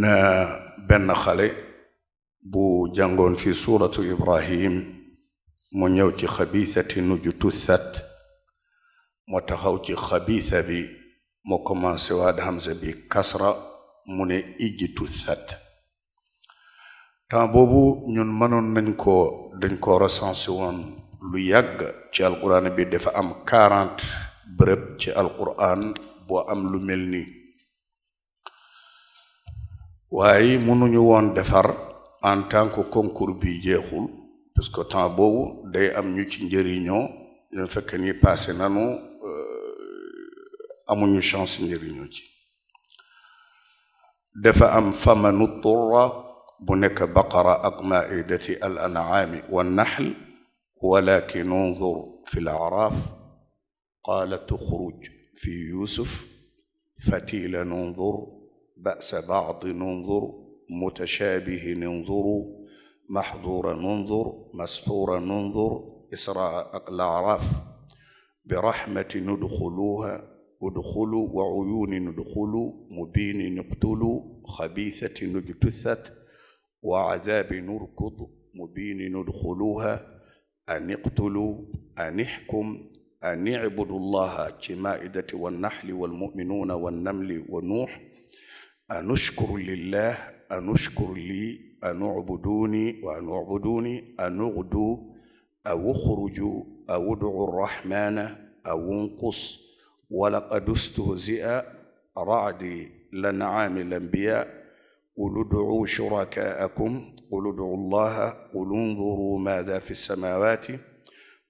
na benn xale bu jàngoon fi suuratu Ibrahim mu ñëw ci xabiisati nuju tussat mu taxaw ci xabiisa bi mu commencé waat hamza bi kasra mu ne ijji tussat temps boobu ñun mënoon nañ ko dañ ko recensé woon lu yàgg ci alquran bi dafa am quarante bërëb ci alquran bo am lu mel ni waaye mënuñu woon defar en tant que concours bi jeexul parce que temps boobu day am ñu ci njëriñoo ñu fekk ni passé nanu euh, amuñu chance njëriñoo ci dafa am famanu turra bu nekk baqara ak maidati al an'ami wa nahl walakin unzur fi l araf qaala tuxruj fi yusuf fatilan unzur بأس بعض ننظر متشابه ننظر محظور ننظر مسحور ننظر إسراء الأعراف برحمة ندخلوها ادخلوا وعيون ندخلوا مبين نقتلوا خبيثة نجتثت وعذاب نركض مبين ندخلوها أن اقتلوا أن احكم أن اعبدوا الله كمائدة والنحل والمؤمنون والنمل ونوح anushkuru lillah anushkuru li anubuduuni wa anubuduuni anughdu aw ukhruju aw udcu rahmana aw unqus walaqad ustuhzia racdi lancaami lambiya qul udcuu shurakaakum qul udcuu allaha qul unduruu maada fi samaawaati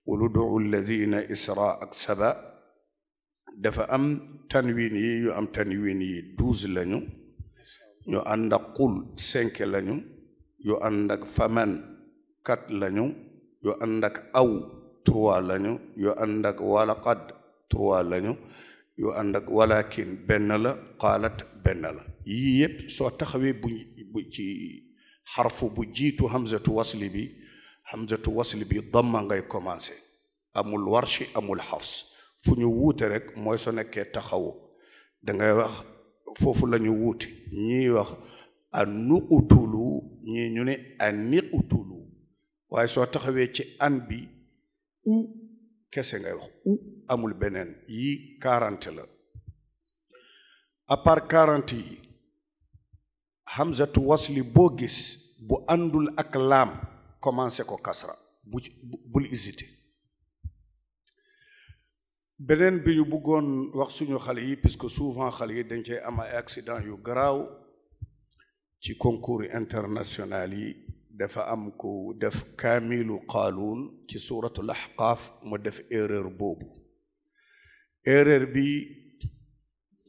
qul udcuu alladina israa saba dafa am tanwin yi yu am tanwin yi douze lañu ñu ànd ak xul cinq lañu yu ànd faman kat lañu yu ànd aw trois lañu yu ànd ak walaqad trois lañu yu ànd ak kiin benn la qaalat benn la yii yépp soo taxawee bu ci xarfu bu jiitu hamzatu wasli bi hamzatu wasli bi ngay commencé amul warshi amul xafs fu ñu wuute rek mooy soo nekkee taxawu dangay wax foofu la ñu wuute ñuy wax a nuqutulu ñi ñu ne a niqutulu waaye soo taxawee ci an bi u kese ngay wax u amul beneen yi quarante la à part quarante yi hamzatu wasli boo gis bu àndul ak laam commencé ko kasra bul hésité beneen bi ñu bëggoon wax suñu xale yi puisque souvent xale yi dañ cee am ay accident yu garaaw ci concours international yi dafa am ku def kaamilu qaaluun ci suuratul ahqaaf mu def erreur boobu erreur bi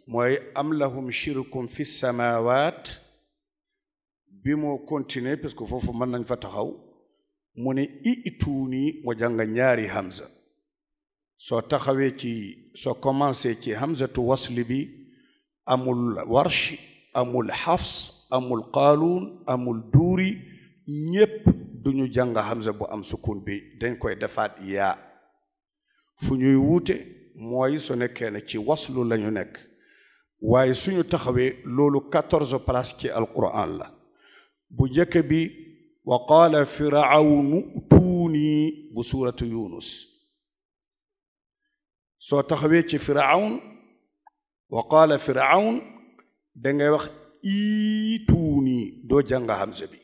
mooy am lahum shirkum fi samawaat bi moo continuer parce que foofu mën nañ fa taxaw mu ne ituuni mu jàng ñaari hamza soo taxawee ci soo commencé ci hamzatu wasli bi amul warsh amul xafs amul qaaluun amul duuri ñépp duñu jàng hamza bu am sukun bi dañ koy defaat yaa fu ñuy wute mooy su nekkee ne ci waslu lañu nekk waaye suñu taxawee loolu quatorze place ci alquran la bu njëkk bi wa qaala firawnu tuuni bu suuratu yunus soo taxawee ci firawn wa qaala firawn dangay wax iituuni doo jàng hamza bi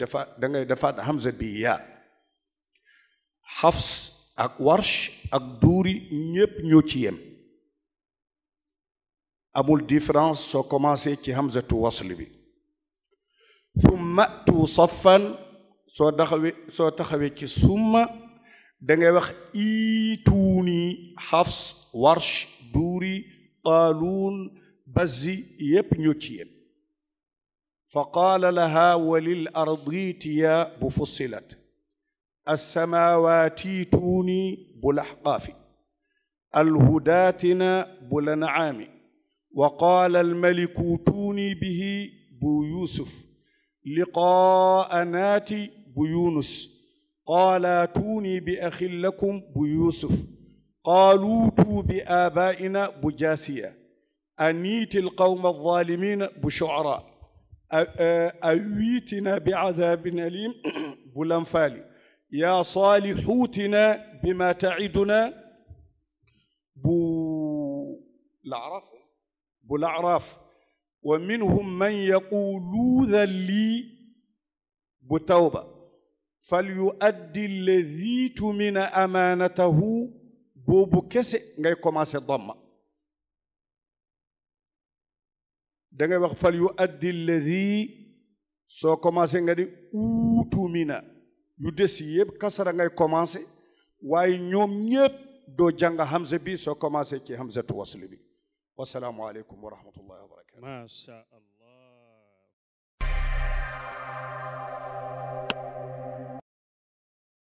defaat dangay defaat hamza bi yaa xafs ak warsh ak duuri ñépp ñoo ci yem amul différence soo commencé ci hamzatu wasl bi summa tu saffan soo taxawee soo taxawee ci summa da ngay wax iituuni xafs warsh duuri qaaluun bazzi yépp ñoo ci yem fa qaala laha walil arditiya bu fussilat alsamawatiituuni bu laxqaafi alhudaatina bu lanacaami wa qaala almalikuutuuni bihi bu yuusuf liqaanaati bu yunus qaala tuuni bi axin lakum bu yuusuf qaalu tuu bi aabaa'ina bu jaasiya aniiti alqawma alzaalimiina bu shu'araa awiitina bi azaabin aliim bu lanfaali yaa saalixuutina bimaa taciduna bu laraaf bu laraaf wa minhum man yaquuluuda lii bu tawba fal yuaddi alladi tumina amaanatahu boobu kese ngay commencé damma dangay wax fal yuaddi alladi soo commencé nga di uutumina yu des yëpp kasara ngay commencé waaye ñoom ñëpp doo jàng hamza bi soo commencé ci hamzatu wasli bi wasalaamualeykum wa rahmatullahi wa barakatu.